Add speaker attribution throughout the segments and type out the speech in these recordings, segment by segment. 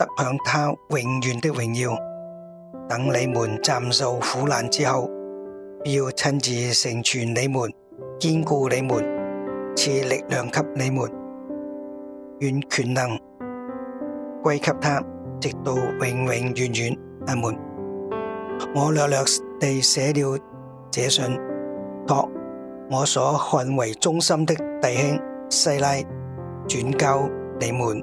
Speaker 1: 得享他永遠的榮耀。等你們暫受苦難之後，要親自成全你們，堅固你們，賜力量給你們，願權能歸給他，直到永永遠遠。阿門。我略略地寫了這信，託我所看為忠心的弟兄西拉轉交你們。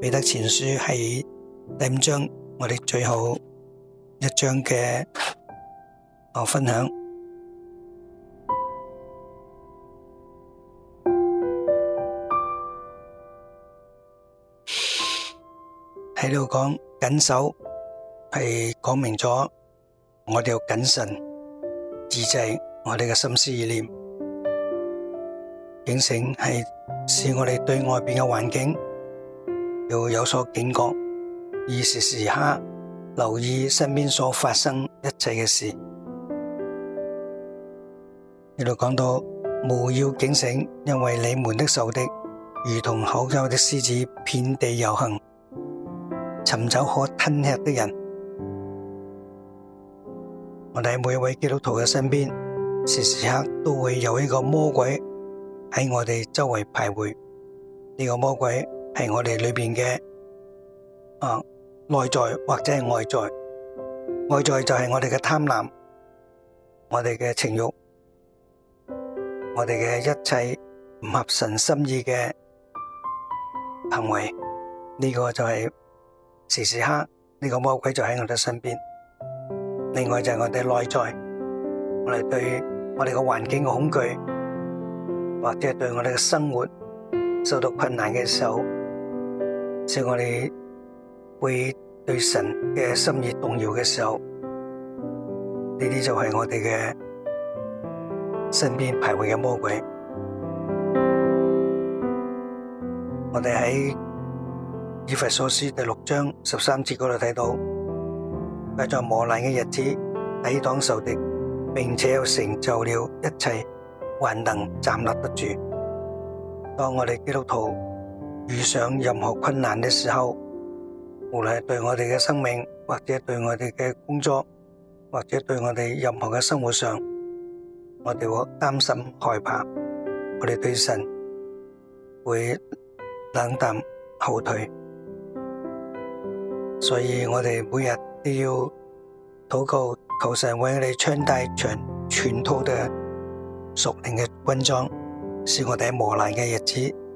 Speaker 1: 彼得前書係第五章，我哋最後一章嘅分享，喺度講謹守係講明咗我哋要謹慎自制我哋嘅心思意念，警醒係使我哋對外邊嘅環境。要有所警覺，而時時刻留意身邊所發生一切嘅事。呢度講到，務要警醒，因為你們的仇敵如同吼叫的獅子，遍地遊行，尋找可吞吃的人。我哋喺每一位基督徒嘅身邊，時時刻都會有一個魔鬼喺我哋周圍徘徊。呢、這個魔鬼。係我哋裏邊嘅，啊內在或者係外在，外在就係我哋嘅貪婪，我哋嘅情欲，我哋嘅一切唔合神心意嘅行為，呢個就係時時刻呢個魔鬼就喺我哋身邊。另外就係我哋內在，我哋對我哋嘅環境嘅恐懼，或者係對我哋嘅生活受到困難嘅時候。在我哋會對神嘅心意動搖嘅時候，呢啲就係我哋嘅身邊徘徊嘅魔鬼。我哋喺以弗所書第六章十三節嗰度睇到，喺在磨難嘅日子抵擋仇敵，並且又成就了一切，還能站立得住。當我哋基督徒。遇上任何困難嘅時候，無論係對我哋嘅生命，或者對我哋嘅工作，或者對我哋任何嘅生活上，我哋會擔心害怕，我哋對神會冷淡後退。所以我哋每日都要禱告，求神為我哋穿戴全全套嘅屬靈嘅軍裝，使我哋喺磨難嘅日子。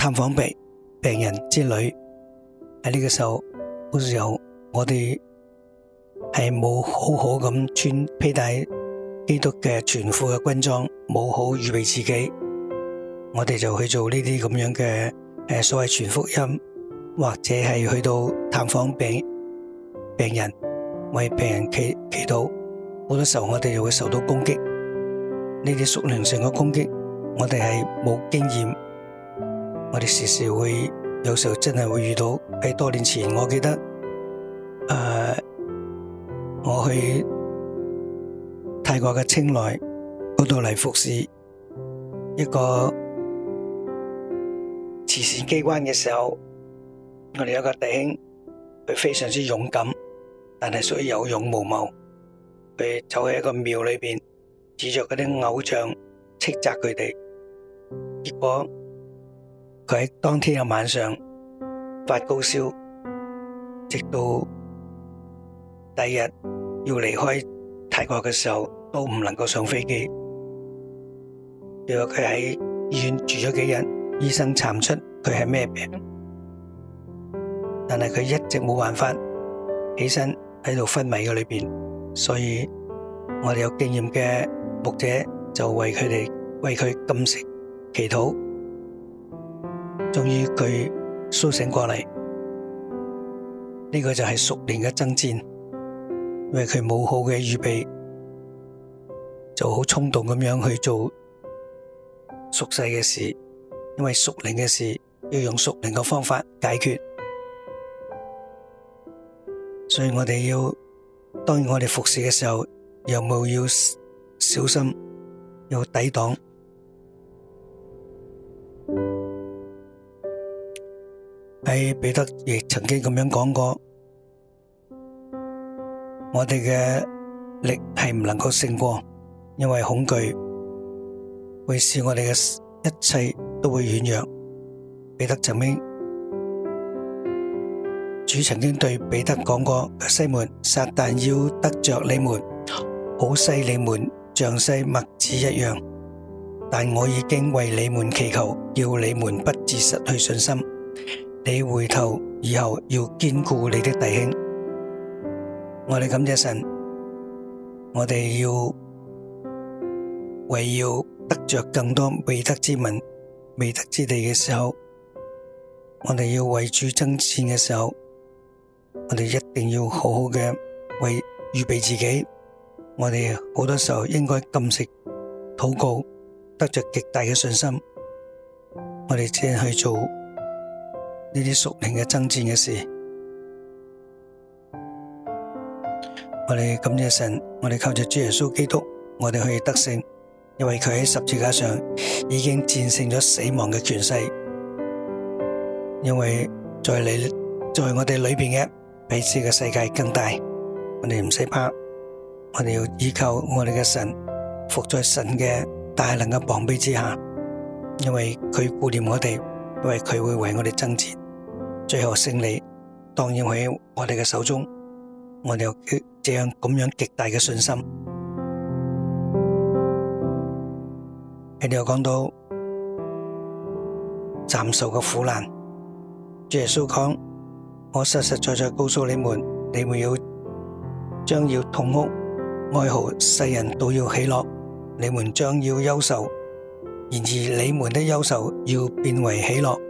Speaker 1: 探訪病病人之旅，喺呢個時候好多時候我哋係冇好好咁穿披戴基督嘅全副嘅軍裝，冇好預備自己，我哋就去做呢啲咁樣嘅誒所謂傳福音，或者係去到探訪病病人，為病人祈祈禱。好多時候我哋就會受到攻擊，呢啲屬靈上嘅攻擊，我哋係冇經驗。我哋時時會有時候真係會遇到。喺多年前，我記得誒、呃，我去泰國嘅清萊嗰度嚟服侍一個慈善機關嘅時候，我哋有一個弟兄，佢非常之勇敢，但係屬於有勇無謀，佢走喺一個廟裏邊指着嗰啲偶像斥責佢哋，結果。佢喺當天嘅晚上發高燒，直到第二日要離開泰國嘅時候都唔能夠上飛機。如果佢喺醫院住咗幾日，醫生查唔出佢係咩病，但係佢一直冇辦法起身喺度昏迷嘅裏邊，所以我哋有經驗嘅牧者就為佢哋為佢禁食祈禱。終於佢蘇醒過嚟，呢個就係屬靈嘅爭戰，因為佢冇好嘅預備，就好衝動咁樣去做屬世嘅事，因為屬靈嘅事要用屬靈嘅方法解決，所以我哋要，當我哋服侍嘅時候，又冇要小心要抵擋。喺彼得亦曾經咁樣講過，我哋嘅力係唔能夠勝過，因為恐懼會使我哋嘅一切都會軟弱。彼得曾經，主曾經對彼得講過：西門，撒但要得著你們，好篩你們像篩麥子一樣，但我已經為你們祈求，要你們不至失去信心。你回頭以後要堅固你的弟兄，我哋感謝神，我哋要為要得着更多未得之民、未得之地嘅時候，我哋要為主爭戰嘅時候，我哋一定要好好嘅為預備自己，我哋好多時候應該禁食禱告，得着極大嘅信心，我哋只係去做。呢啲屬靈嘅爭戰嘅事，我哋感謝神，我哋靠住主耶穌基督，我哋可以得勝，因為佢喺十字架上已經戰勝咗死亡嘅權勢。因為在你，在我哋裏邊嘅，比這個世界更大，我哋唔使怕，我哋要依靠我哋嘅神，伏在神嘅大能嘅膀臂之下，因為佢顧念我哋，因為佢會為我哋爭戰。最後勝利當然喺我哋嘅手中，我哋有這樣咁樣極大嘅信心。你哋又講到暫受嘅苦難，耶穌講：我實實在在告訴你們，你們要將要痛哭哀號世人都要喜樂，你們將要憂愁，然而你們的憂愁要變為喜樂。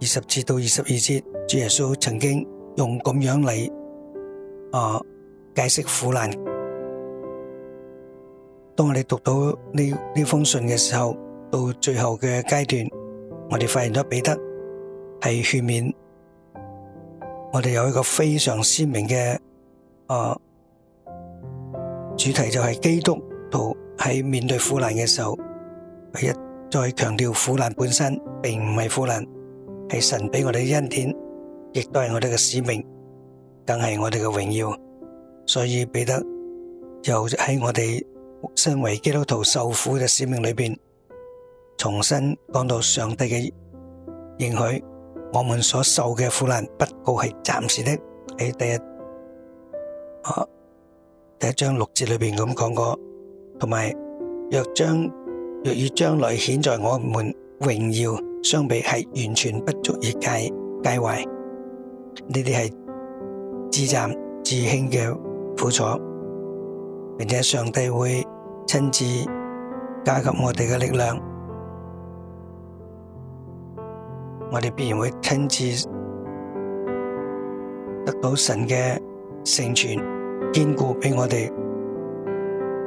Speaker 1: 二十節到二十二節，主耶穌曾經用咁樣嚟啊解釋苦難。當我哋讀到呢呢封信嘅時候，到最後嘅階段，我哋發現咗彼得係勸勉我哋有一個非常鮮明嘅啊主題，就係基督徒喺面對苦難嘅時候，佢一再強調苦難本身並唔係苦難。係神俾我哋嘅恩典，亦都係我哋嘅使命，更係我哋嘅榮耀。所以彼得又喺我哋身為基督徒受苦嘅使命裏邊，重新講到上帝嘅認許，我們所受嘅苦難不過係暫時的。喺第一、啊、第一章六節裏邊咁講過，同埋若將若要將來顯在我們榮耀相比係完全不足以介介懷，呢啲係至暫至輕嘅苦楚，並且上帝會親自加給我哋嘅力量，我哋必然會親自得到神嘅成全堅固俾我哋。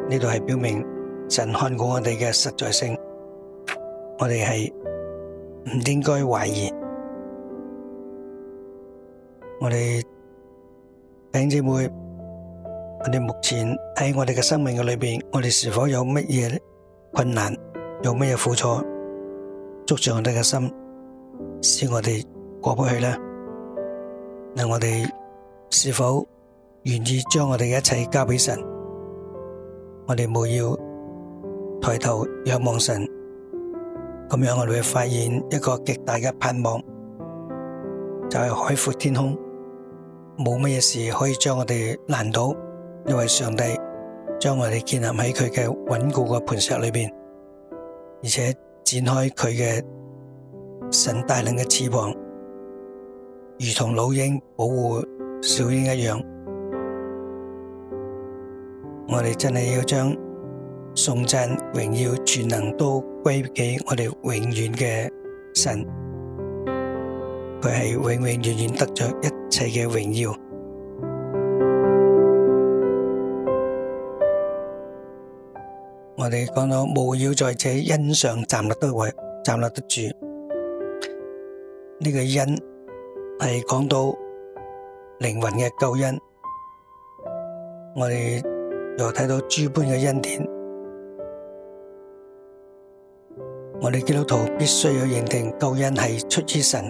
Speaker 1: 呢度係表明神看過我哋嘅實在性，我哋係。唔應該懷疑，我哋弟兄姊妹，我哋目前喺我哋嘅生命嘅裏邊，我哋是否有乜嘢困難，有乜嘢苦楚捉住我哋嘅心，使我哋過不去呢？那我哋是否願意將我哋嘅一切交俾神？我哋無要抬頭仰望神。咁樣我哋會發現一個極大嘅盼望，就係、是、海闊天空，冇乜嘢事可以將我哋難倒，因為上帝將我哋建立喺佢嘅穩固嘅磐石裏邊，而且展開佢嘅神帶領嘅翅膀，如同老鷹保護小鷹一樣，我哋真係要將。頌讚榮耀全能都歸畀我哋永遠嘅神，佢係永永遠遠得着一切嘅榮耀。我哋講到無要在這恩上站立得位，站立得住。呢個恩係講到靈魂嘅救恩，我哋又睇到諸般嘅恩典。我哋基督徒必須要認定救恩係出於神，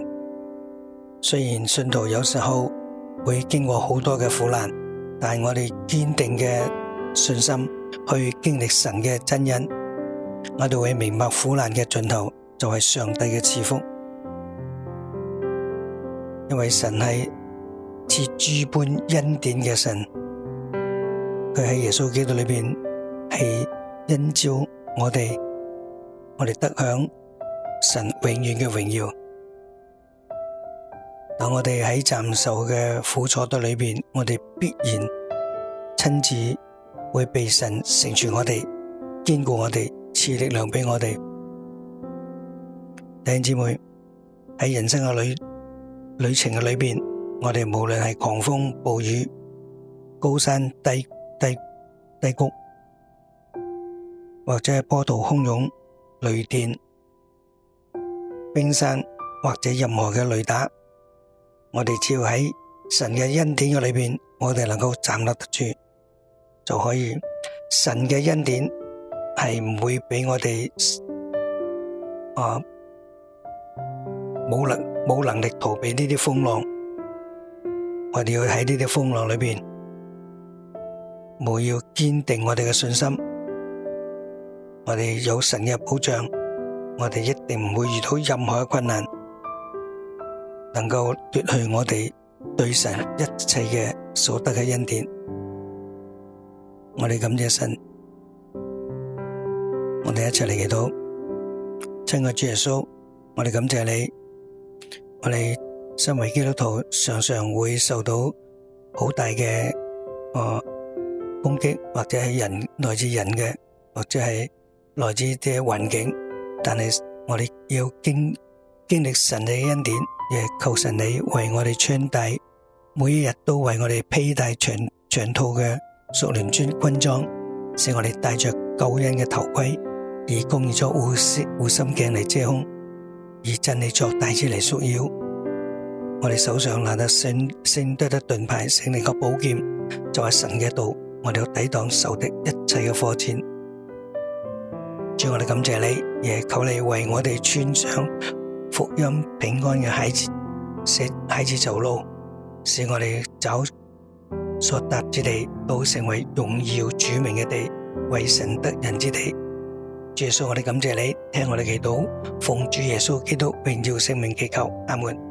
Speaker 1: 雖然信徒有時候會經過好多嘅苦難，但係我哋堅定嘅信心去經歷神嘅真恩，我哋會明白苦難嘅盡頭就係上帝嘅賜福，因為神係賜諸般恩典嘅神，佢喺耶穌基督裏邊係恩召我哋。我哋得享神永遠嘅榮耀，等我哋喺暫受嘅苦楚度裏邊，我哋必然親自會被神成全我哋，堅固我哋，賜力量俾我哋。弟兄姊妹，喺人生嘅旅旅程嘅裏邊，我哋無論係狂風暴雨、高山低低低谷，或者係波濤洶湧。雷電、冰山或者任何嘅雷打，我哋只要喺神嘅恩典裏邊，我哋能夠站立得住，就可以。神嘅恩典係唔會畀我哋啊冇能冇能力逃避呢啲風浪，我哋要喺呢啲風浪裏邊，務要堅定我哋嘅信心。我哋有神嘅保障，我哋一定唔會遇到任何嘅困難，能夠奪去我哋對神一切嘅所得嘅恩典。我哋感謝神，我哋一齊嚟祈禱。親愛主耶穌，我哋感謝你。我哋身為基督徒，常常會受到好大嘅誒攻擊，或者係人來自人嘅，或者係。來自呢個環境，但係我哋要經經歷神嘅恩典，亦求神你為我哋穿戴，每一日都為我哋披戴全全套嘅屬靈穿軍裝，使我哋戴着救恩嘅頭盔，以供應咗護護心鏡嚟遮胸，以真理作帶子嚟束腰，我哋手上拿得聖聖德德盾牌，聖靈嘅寶劍，就係神嘅道，我哋要抵擋仇敵一切嘅火箭。主我哋感謝你，也求你為我哋穿上福音平安嘅鞋子，使鞋子走路，使我哋走所達之地都成為榮耀主名嘅地，為神得人之地。主耶穌，我哋感謝你，聽我哋祈禱，奉主耶穌基督榮耀聖名祈求，阿門。